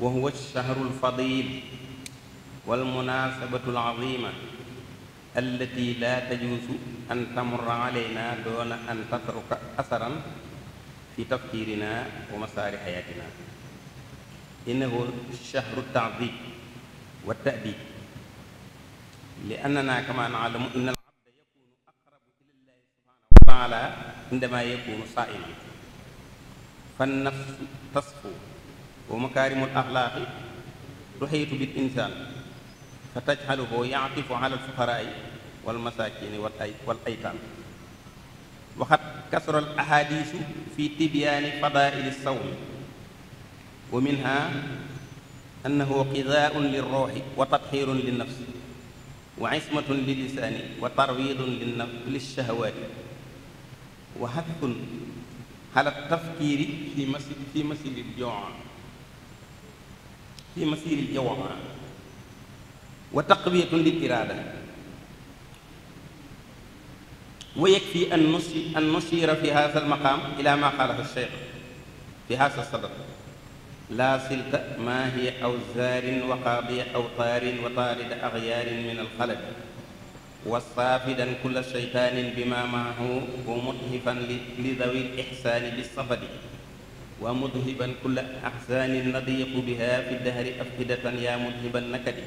wa huwa ash-shahru al-fadil wal-munasabatu al-azima allati la tajuusu an tamurra alayna doona an tatruka asaran fi tafkiirina wa masaari xayaatina innahu shahru taadib wa tadib li annana kama naalamu in al abda yakunu aqrabu ila llahi subhanahu wa taala indama yakunu saa'iman fan nafsu tasfu wa makaarimul axlaaqi tuxiitu bil insaan fa tajxaluhu yaatifu ala alfuqaraai wal masaakini wal ay wal aytaam waxat kasral ahadiisu fi tibyaani fadaaili sawmi wa minha annahu qidaaun lirruuxi wa tatxiirun linnafsi wa ismatun lilisaani wa tarwiidun lishahawaati wa xathun ala tafkiiri fi masili fi masili joon fi masiiril jawama wa taqwiyatun lil iraada wa yakfi an nusi an nushira fi haadha almaqaam ila ma qaalahu alcheikh fi haadha sadr laa silta maa hiya aw zaarin wa qaadiya aw taarin wa taarida axyaarin min alxalad wa saafidan kulla sheytaanin bima maahu wa muthifan li dawi lixsaani bisafadi wa mudhiban kulla axsaanin nadiqu biha fi dahri afidatan yaa mudhiban nakadi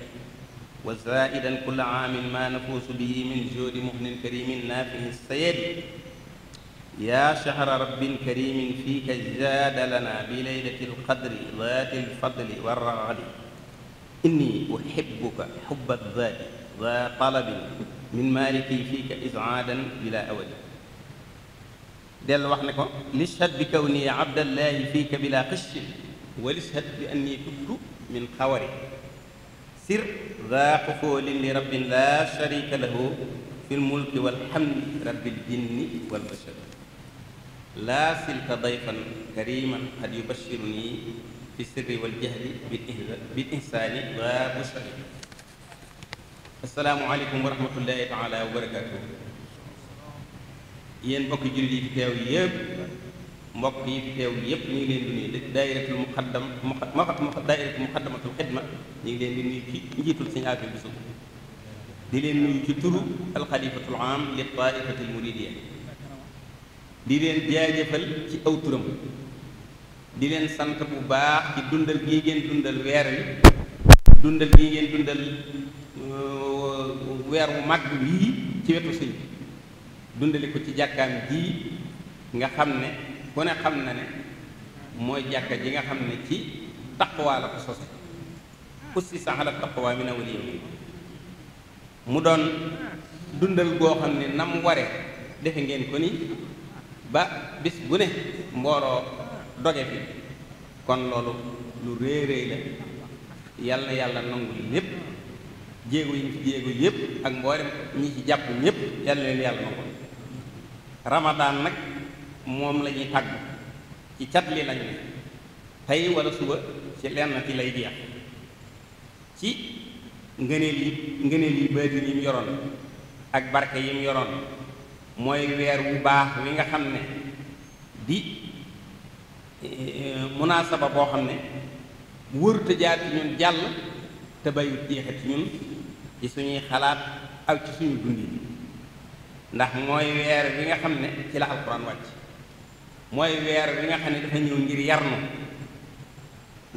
wa zaidan kulla aamin ma nafuusu bihi min joodi muhnin karimin naafihi sayedi yaa shahra rabbin karimin fiika jaada lana bi laylati alqadri daati alfadli warragabi inni uhibbuka hubba daati daa talabin min maaliki fiika isaadan bila awali dellu wax ne ko lishhad bi kaw nii abdallahi fiika bila xish wa lishhad bi anni tubtu min xawari sir daa xufoolin li rabbin laa sharika lahu fi lmulki walhamdi rabbil jinni wal bashar laa silta dayfan kariman qad yubashiruni fi sirri wal jahri bil ihsaani wa bushari assalaamu aleykum wa rahmatullahi taala wa barakatuh yéen mbokki jullit yi fi teew yëpp mbokk yi fi teew yëpp ñu ngi leen di nuyu daayiratul muqaddam muqaddam daayiratul muqaddamatul xidma ñu leen di ci njiitul sëñ Afia Buso di leen nuyu ci turu alxalifatul am li leen ci aw turam di leen sant bu baax ci dundal gi ngeen dundal weer wi dundal gi ngeen dundal euh, weer wu mag wii ci wetu sëñ dundale ko ci jàkkaam ji nga xam ne ku ne xam na ne mooy jàkka ji nga xam ne ci taqwa la ko sose ussisa ala taqwa min awwal yawmin mu doon dundal goo xam ne nam ware defe ngeen ko ni ba bis bu ne mbooloo doge fi kon loolu lu réy réy la yàlla na yàlla nangul ñépp jéego yi ñu ci jéego yépp ak mboolem ñii ci jàpp ñépp yàlla leen yàlla nangul ramadaan nag moom lañuy ñuy tàgg ci cat li lañ ne tey wala suba ci lenn ci lay jeex ci ngëneel yi ngëneel yi baatin yi yoroon ak barke yim yoroon mooy weer wu baax wi nga xam ne di e, e, munaasaba boo xam ne wër te jaar ci ñun jàll te bayut jeexit ci ñun ci suñuy xalaat ak ci suñu dund yi ndax mooy weer bi nga xam ne ci la alquran wàcc mooy weer bi nga xam ne dafa ñëw ngir na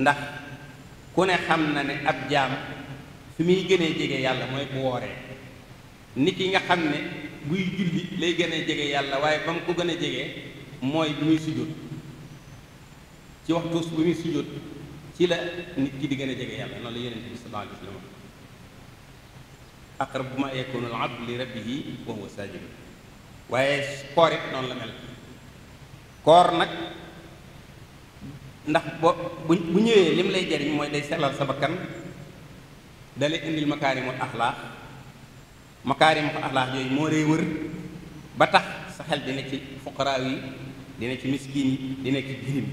ndax ku ne xam na ne ab jaam fi muy gënee jege yàlla mooy bu wooree nit ki nga xam ne buy julli lay gën a jege yàlla waaye ba mu ko gën a jege mooy bi muy sujjóot ci waxtu bi muy sujjóot ci la nit ki di gën a jege yàlla noonu la yonent bi sallallahu alayhi wa aqrabu ma yakunu al abdu li rabbihi wa huwa sajid waaye koor it noonu la mel koor nag ndax bo bu bu ñëwee lim lay jariñ mooy day sellal sa bakkan dalay indil makaarimul axlaax makaarimul axlaax yooyu moo lay wër ba tax sa xel dina ci fuqaraaw yi dina ci miskin yi dina ci jirim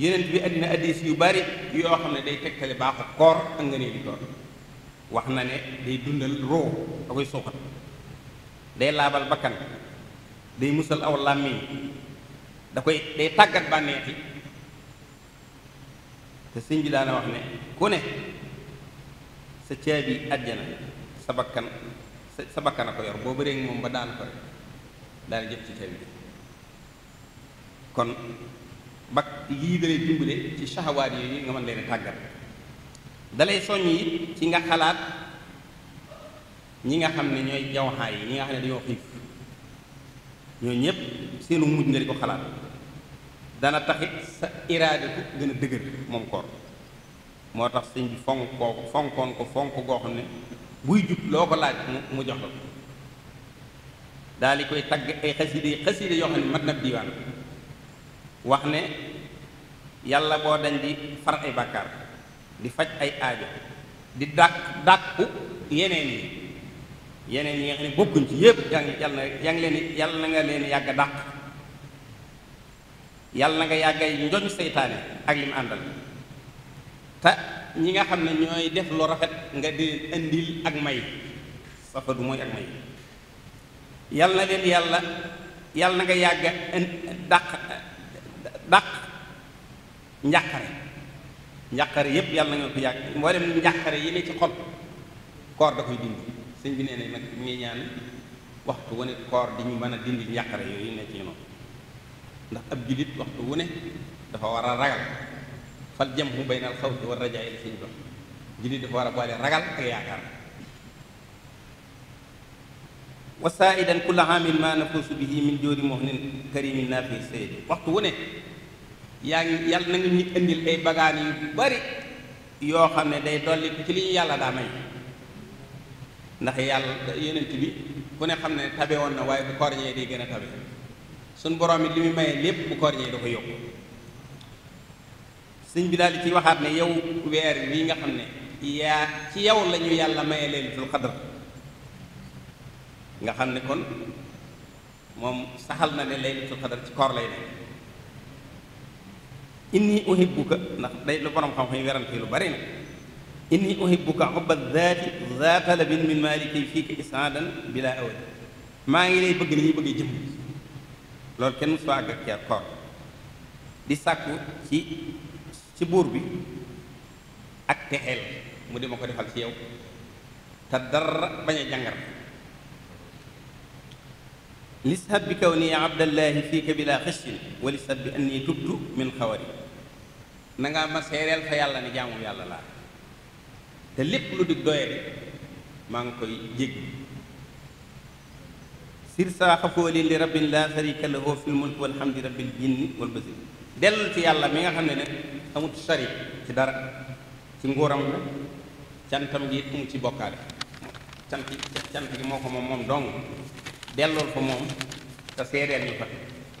yeneen bi àddina addis yu bari yoo xam ne day tegtale baaxu koor ak nga nee di koor wax na ne day dundal roo da koy suuxat day laabal bakkan day musal aw làmmiñ da koy day tàggat bànneeti te sëñ bi daana wax ne ku ne sa caabi àjjana sa bakkan sa bakkan a ko yor boo bëree moom ba daan ko rek daal jëf ci caabi bi kon bak yii da lay dimbale ci saxawaat yooyu nga mën leen tàggat dalay soññ it ci nga xalaat ñi nga xam ne ñooy jawxaay yi ñi nga xam ne dañoo xiif ñoo ñëpp seenu mujj nga di ko xalaat dana taxit sa iraadatu gën a dëgër moom koor moo tax sëñ bi fonk fonkoon ko fonk goo xam ne buy jub loo ko laaj mu jox la daal di koy tagg ay xaside xaside yoo xam ne mat na diiwaan wax ne yàlla boo dañ di far ay bàkkaar di faj ay aajo di dàq dàqu yeneen yi yeneen yi nga xam ne bokkuñ ci yépp yàlla na yaa ngi leen na nga leen yàgg dàq yàlla na nga yàggay njoñ seytaane ak li mu àndal te ñi nga xam ne ñooy def lu rafet nga di indil ak may safadu mooy ak may yàlla na leen yàlla yàlla na nga yàgg dàq dàq njàqare njàqare yépp yàlla na nga ko yàgg mboolem njàqare yi ne ci xol koor da koy dindi sëñ bi nee na nag mu ngi ñaan waxtu wu ne koor di ñu mën a dindi njàqare yooyu ne ci noonu ndax ab jullit waxtu wu dafa war a ragal fal jamhu bayna al xawfi wa rajaai la sëñ dox jullit dafa war a boole ragal ak yaakaar wa saaidan kulla amin ma nafuusu bihi min jóori muhnin waxtu wu yaa ngi yàlla na nga ñu indil ay bagaan yu bari yoo xam ne day dolli ci li ñu yàlla daa may ndax yàlla yenent bi ku ne xam ne tabe woon na waaye bu koor ñee day gën a tabe suñ borom it li muy maye lépp bu koor da ko yokku sëñ bi daal di ci waxaat ne yow weer wi nga xam ne yaa ci yow lañu yàlla maye laylatul xadr nga xam ne kon moom saxal na ne laylatul xadr ci koor lay ne inni uhibbuka ndax day lu borom xam-xam yi werante lu bari na inni uhibbuka hubba zaati za talabin min maliki fiika isaadan bila awadi maa ngi lay bëgg ni ñuy bëgg lool loolu kenn musu àgg ak koor di sàkku ci buur bi ak texeel mu di ma ko defal ci yow te bañ a jàngar lisab bi kaw nii abdallahi fiika bila xishin wa lisab bi anni tubtu min xawari nanga ma seereel fa yàlla ni jaamu yàlla laa te lépp lu dig doye maa ngi koy jéggi sir saa li rabbin laa sharika lahu fil mulk walhamdi rabbil jinni wal basir dellul ci yàlla mi nga xam ne ne amut sari ci dara ci nguuram la cantam gi it mu ci bokkaale cant cant gi moo ko moom moom dong dellool ko moom te seereel ñu fa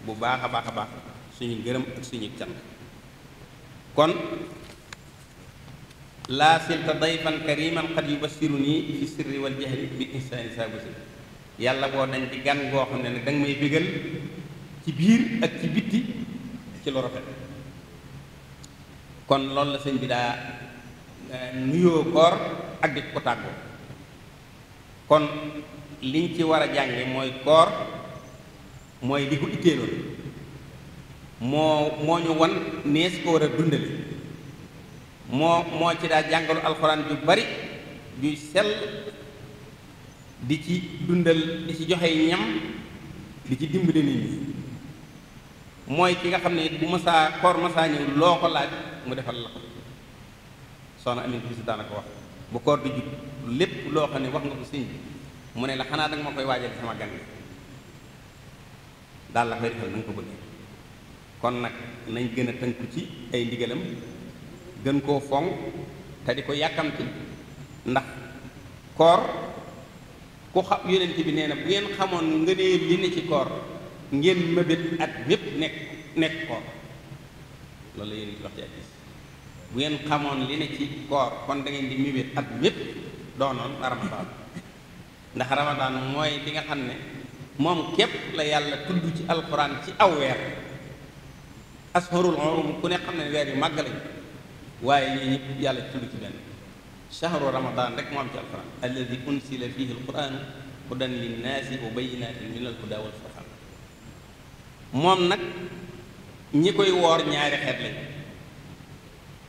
bu baax a baax a baax suñu gërëm ak suñu cant kon laa silta dayfan kariman qad yubashiruni fi sirri wal jahri bi ihsani sabusi yàlla boo dañ di gan goo xam ne nag danga may bégal ci biir ak ci bitti ci lu kon loolu la sëñ bi daa eh, nuyoo koor ak di ko tàggoo kon liñ ci war a jànge mooy koor mooy di ko itteeloon moo moo ñu wan nees ko war a dundale moo moo ci daa jàngalu alxuraan ju bari juy sel di ci dundal di ci joxe ñam di ci dimbali nit ñi mooy ki nga xam ne bu masaa koor masaa ñëw loo ko laaj mu defal la ko soxna amin bisi daana ko wax bu koor di jub lépp loo xam ne wax nga ko sëñ mu ne la xanaa danga ma koy waajal sama gan daal la koy defal na nga ko bëgg kon nag nañ gën a tënku ci ay ndigalam gën koo foŋ te di ko yàkkamti ndax koor ku xam yonent bi nee na bu ngeen xamoon ngëneel li ne ci koor ngeen mëbét at mépp nekk nekk koor loolu la yonent bi wax ci hadiis bu ngeen xamoon li ne ci koor kon da ngeen di mëbét at mépp doonoon ramadaan ndax ramadaan mooy li nga xam ne moom képp la yàlla tudd ci alxuraan ci aw weer asharul hurum ku ne xam ne weer yu màgg lañ waaye yii ñëpp yàlla tudd ci benn shahru ramadan rek moo am ci alquran alladi unsila fihi alquran hudan linnaasi wa bayinatin min ñi koy woor ñaari xeet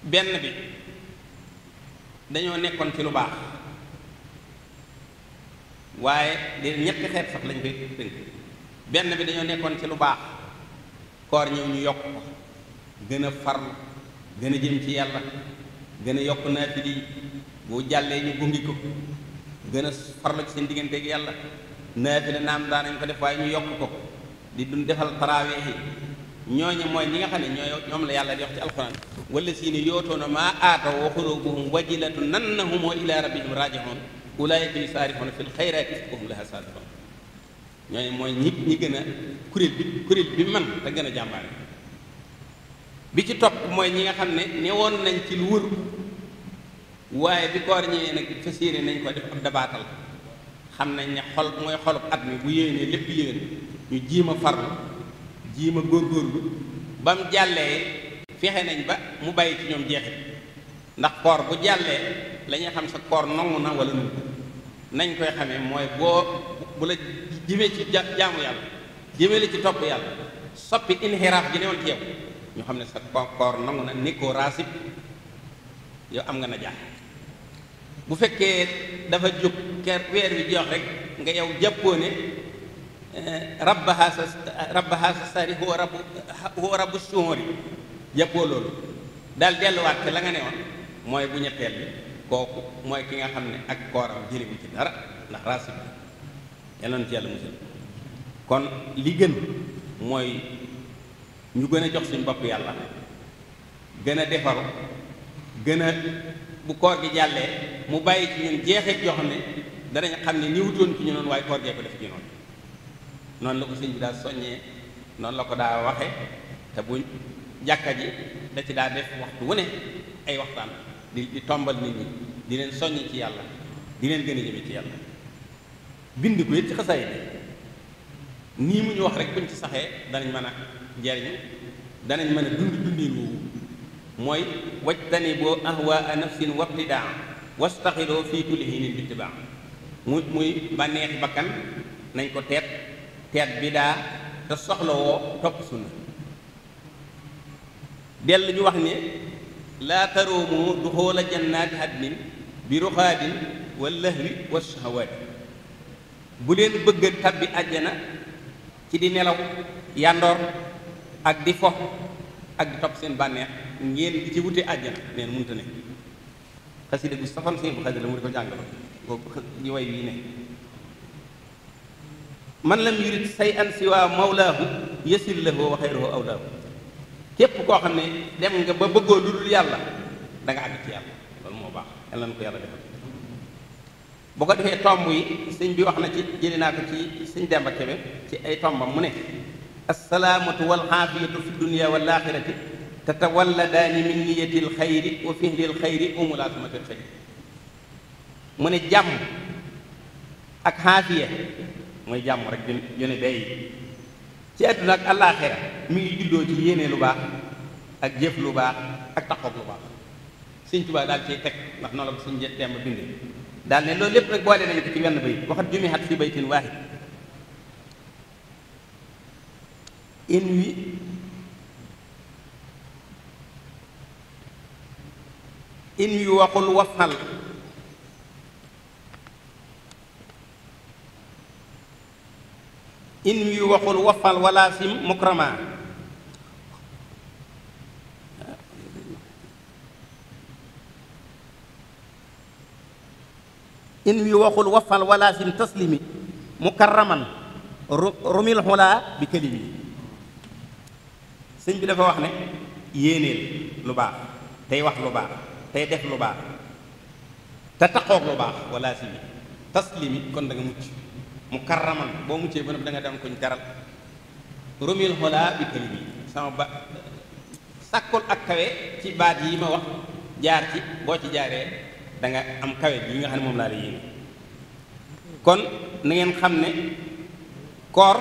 benn bi dañoo nekkoon ci lu baax waaye de ñetti xeet sax lañ koy tënk benn bi dañoo nekkoon ci lu baax koor ñëw ñu yokk ko gën a farlu gën a jëm ci yàlla gën a yokk naafil yi bu jàllee ñu gungi ko gën a farlu ci seen digganteeg yàlla naafila naam daanañ ko def waaye ñu yokk ko di dun defal taraweex yi ñooñu mooy ñi nga xam ne ñooy ñoom la yàlla di wax ci alxuraan wala si ne yootoona maa aataw wa xulubuhum wajilatu nannahum ila rabbihim rajihoon ulaayika yusaarifoona fi lxayraati wa hum laha saabixoon ñooñu mooy ñi ñi gën a kuréel bi kuréel bi man te gën a jàmbaare bi ci topp mooy ñi nga xam ne newoon nañ ci lu wër waaye bi koor ñëwee nag fas nañ ko def ab dabaatal xam nañ ne xol mooy xolub at mi bu yéenee lépp yéen ñu jiim a farlu jiim a góor ba mu jàllee fexe nañ ba mu bàyyi ci ñoom jeexit ndax koor bu jàllee lañuy xam sa koor nongu na wala nu nañ koy xamee mooy boo bu la jëmee ci jaamu yàlla jëmee ci topp yàlla soppi inxiraaf gi newoon ci yow ñu xam ne sa koor nangu na ni raasib yow am nga na jaax bu fekkee dafa jóg ker weer wi jox rek nga yow jàppoo ne eh, rabba haasa rabba haasa sari huwa rabbu huwa rabbu suhuri jàppoo loolu daal delluwaat te la nga newoon mooy bu ñetteel bi kooku mooy ki nga xam ne ak kooram jëlibu ci dara ndax raasib yàlla na ci yàlla musal kon li gën mooy ñu gën a jox suñu bopp yàlla gën a defaru gën a bu koor gi jàllee mu bàyyi ci ñun jeexit yoo xam ne danañ xam ne ni wutoon ci ñu noon waaye koor gee ko def ci noonu noonu la ko sëñ bi daa soññee noonu la ko daa waxe te bu jàkka ji da ci daa def waxtu wu ne ay waxtaan di tombal nit ñi di leen soññ ci yàlla di leen gën a jëme ci yàlla bind ko it ci xasaay bi nii mu ñu wax rek buñ ci saxee danañ mën a jariñu danañ mën a dund dundin woowu mooy wajtani boo ahwaa nafsin wabtidaa wastaxiloo fii kulli hinin bittibaa muy muy bànneexi bakkan nañ ko teet teet bi daa te soxlawoo topp sunna dell ñu wax ne laa taroomoo duxoola jannaati haddin bi ruxaadin wa lahwi wa shahawaati bu leen bëgga tabbi àjjana ci di nelaw yàndoor ak di fo ak di topp seen bànneex ngeen di ci wuti àjjana neen munta ne xasida gu safan seen bu xasida mu di ko jàngalo boobu man lam yurit say an siwaa mawlaahu yasil lahu wa xayruhu awlaahu képp koo xam ne dem nga ba bëggoo lu dul yàlla danga nga àgg ci yàlla loolu moo baax yàlla na ko yàlla defal bu ko defee tomb yi sëñ bi wax na ci jëli naa ko ci sëñ Demba Kebe ci ay tombam mu ne assalaamatu wal aafiyatu fi dunia wal axirati tatawalladaani min niyati l xayri wa fihli l xayri umulaasumati l xayri mu ne jàmm ak xaafiya mooy jàmm rek ñu ne bay ci àdduna mi ngi juddoo ci yéene lu baax ak jëf lu baax ak taxoog lu baax sëñ Tuubaa daal ciy teg ndax noonu la ko bindee daal ne loolu lépp rek boole nañu ko ci wenn bayit waxat jumihat fi baytin waahid in wi in wi waxul wafal in wi waxul wafal wala sim mukrama in wi waxul wafal wala sin taslimi mukarraman rumil xulaa bi kalimi sëñ bi dafa wax ne yéeneel lu baax tey wax lu baax tey def lu baax te taqoog lu baax wala sin taslimi kon da nga mucc mukarraman boo muccee ba noppi da nga dem koñ garal rumil xulaa bi kalimi sama ba sàkkul ak kawe ci baat yi ma wax jaar ci boo ci jaaree danga am kawet yi nga xam ne moom laa la yéene kon na ngeen xam ne koor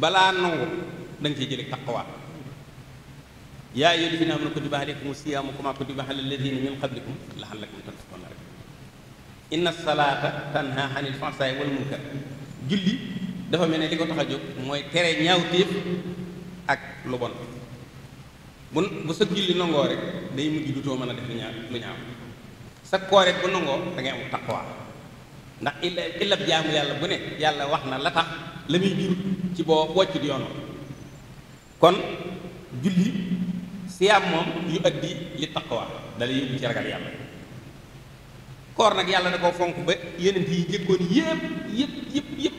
balaa nangu da nga ciy jële taqwa yaa ayyuhaa llaziina aamanu kutiba aleykumu siyaamu kamaa kutiba ala llaziina min qablikum la'allakum tattaquuna rek inna salaata tanhaa anil fahshaa'i wal julli dafa mel ni li ko tax a jóg mooy tere ñaawteef ak lu bon bu bu sa julli nangoo rek day mujj dutoo mën a def lu ñaaw sa koor it bu nangoo da ngay am taqwa ndax illa illa jaamu yàlla bu ne yàlla wax na la tax la muy jur ci boo woccut yoonoo kon julli siyaam moom yu addi yi taqwa dala yóbbu ci ragal yàlla koor nag yàlla da koo fonk ba yenent yi jëkkoon yépp yépp yépp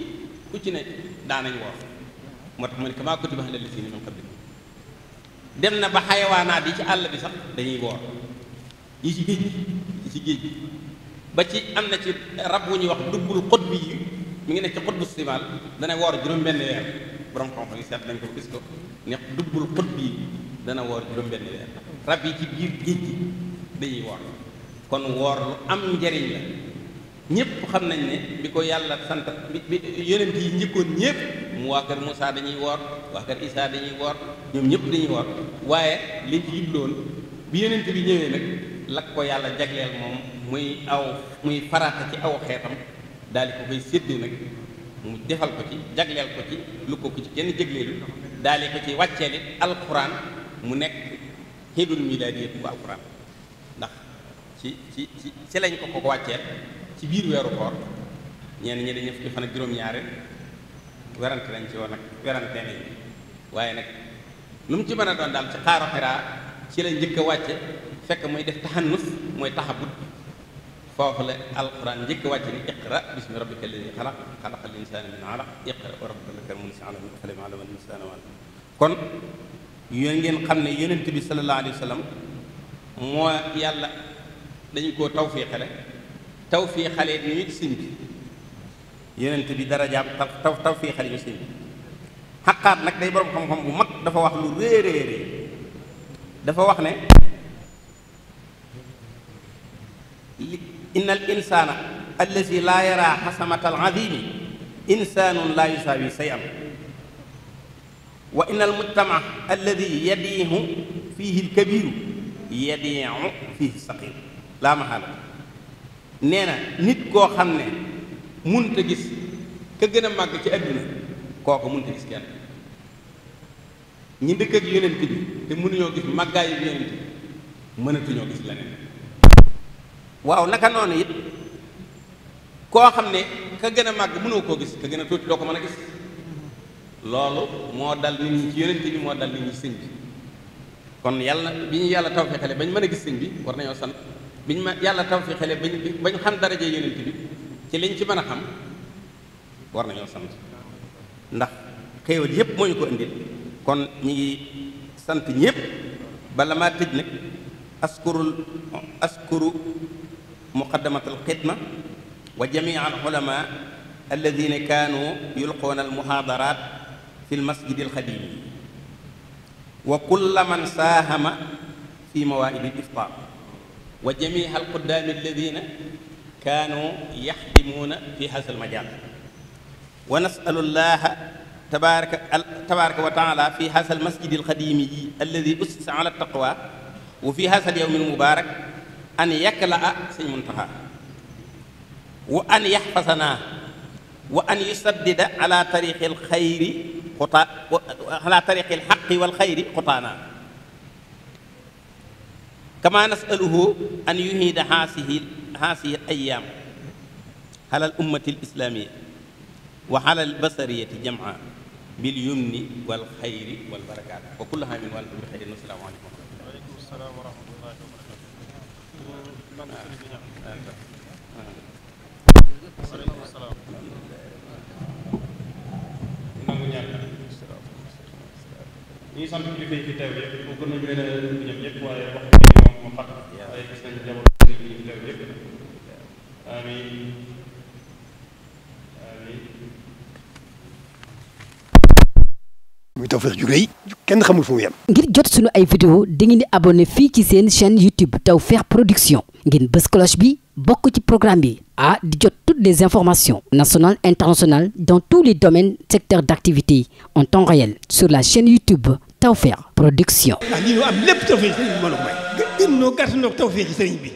ku ci ne daanañ woor moo tax ma ne kama kutiba alal lazina min qablikum dem na ba xayawaanaat yi ci àll bi sax dañuy woor yi ci géej ci ba ci am na ci rab wu ñuy wax dubbul xot bi mu ngi nekk ci xot bu simal dana woor juróom-benn weer borom xam-xam yi seet nañ ko gis ko ne dubbul xot bi dana woor juróom-benn weer rab yi ci biir géej gi dañuy woor kon woor lu am njariñ la ñëpp xam nañ ne bi ko yàlla sant bi yonent yi njëkkoon ñëpp mu waa kër Moussa dañuy woor waa kër Isaa dañuy woor ñoom ñëpp dañuy woor waaye liñ ci jubloon bi yonent bi ñëwee nag la ko yàlla jagleel moom muy aw muy farata ci aw xeetam daal di ko koy séddee nag mu defal ko ci jagleel ko ci lu ko ko ci kenn jagleelu daal di ko ci wàcceel it alquran mu nekk xéedul milaadi bu alquran ndax ci ci ci lañ ko ko wàcceel ci biir weeru koor ñenn ñi dañu fukki fan ak juróom-ñaari werante lañ ci woon nag werante nañ waaye nag lu mu ci mën a doon daal ci xaaru Xiraa ci lañ njëkk a wàcce fekk mooy def taxannus mooy taxabut foofu la alquran njëkk wàcc ni iqra bismi rabbika alladi xalaq xalaqal insaana min alaq iqra wa rabbuka lakal mulk alama alama alama insaana kon yéen ngeen xam ne yonent bi sallallahu alayhi wa moo yàlla dañu ko tawfiixale tawfiixale ñu ci sëñ bi yonent bi dara jaam taw tawfiixale ñu sëñ bi xaqaat nag day borom xam-xam bu mag dafa wax lu réeréerée dafa wax ne inna al insana allazi laa yara xasamata al azimi insanun laa yusaawi say an wa inna al mujtama allazi fiihi l kabiru fiihi saqiru laa mahaala nee na nit koo xam ne munta gis ka gën a ci àdduna kooku munta gis kenn ñi dëkk ak yonent bi te mënuñoo gis màggaayu yonent mënatuñoo gis leneen waaw naka noonu it koo xam ne ka gën a màgg mënoo koo gis ka gën a tuuti doo ko mën a gis loolu moo dal nit ñi ci yonente bi moo dal nit ñi sëñ bi kon yàlla bi yàlla tawfeexale ba ñu mën a gis sëñ bi war nañoo sant bi ñu ma yàlla tawfeexale ba ñu ba ñu xam daraje yonente bi ci liñ ci mën a xam war nañoo sant ndax xéewal yépp moo ñu ko indil kon ñi ngi sant ñépp bala maa tëj nag askuru askuru muqaddamatul xidma wa jamii al ulama alladina kaanu yulquuna al muhaadaraat fi l masjid al xadiim wa kulla man saahama fi mawaaidi l iftaar wa jamii al quddaami alladina kaanu yaxdimuuna fi haza al majaal wa nasalu llaha tabaaraka tabaaraka wa taala fi haza al masjid al xadiim alladi ussisa ala taqwa wa fi haza al yawmi al mubaarak an yakla a sëñ muntaxa wa an yaxfasana wa an yusaddida ala tariqi al xayri xutaa ala tariqi al xaqi wal xayri xutaana kama nasaluhu an yuhiida haasihi haasihi al ayaam ala al ummati al islaamia wa ala al basariyati jamaa bil yumni wal xayri wal barakaat wa kulla haamin wa antum bi xayrin wassalaamu aleykum wa rahmatullaah nangu ñaan ñu ngi sant ci fay fi teew yëpp bu gën nañu leen a ñoom ñëpp waaye wax dëgg moom moo xat waaye gis nañu jamono bi ñu teew yëpp amiin amiin muy tawfeex ju rëy kenn xamul fu mu yem. ngir jot sunu ay vidéo dangeen di abonné fii ci seen chaîne YouTube Tawfekh Production ngeen bës bi bokk ci programme bi a ah, di jot toutes les informations nationales internationales dans tous les domaines secteurs d'activité en temps réel sur la chaîne YouTube Tawfekh Production. ah lii am lépp tawfeex ci sëriñ bi mbooloo mooy. gën gën bi.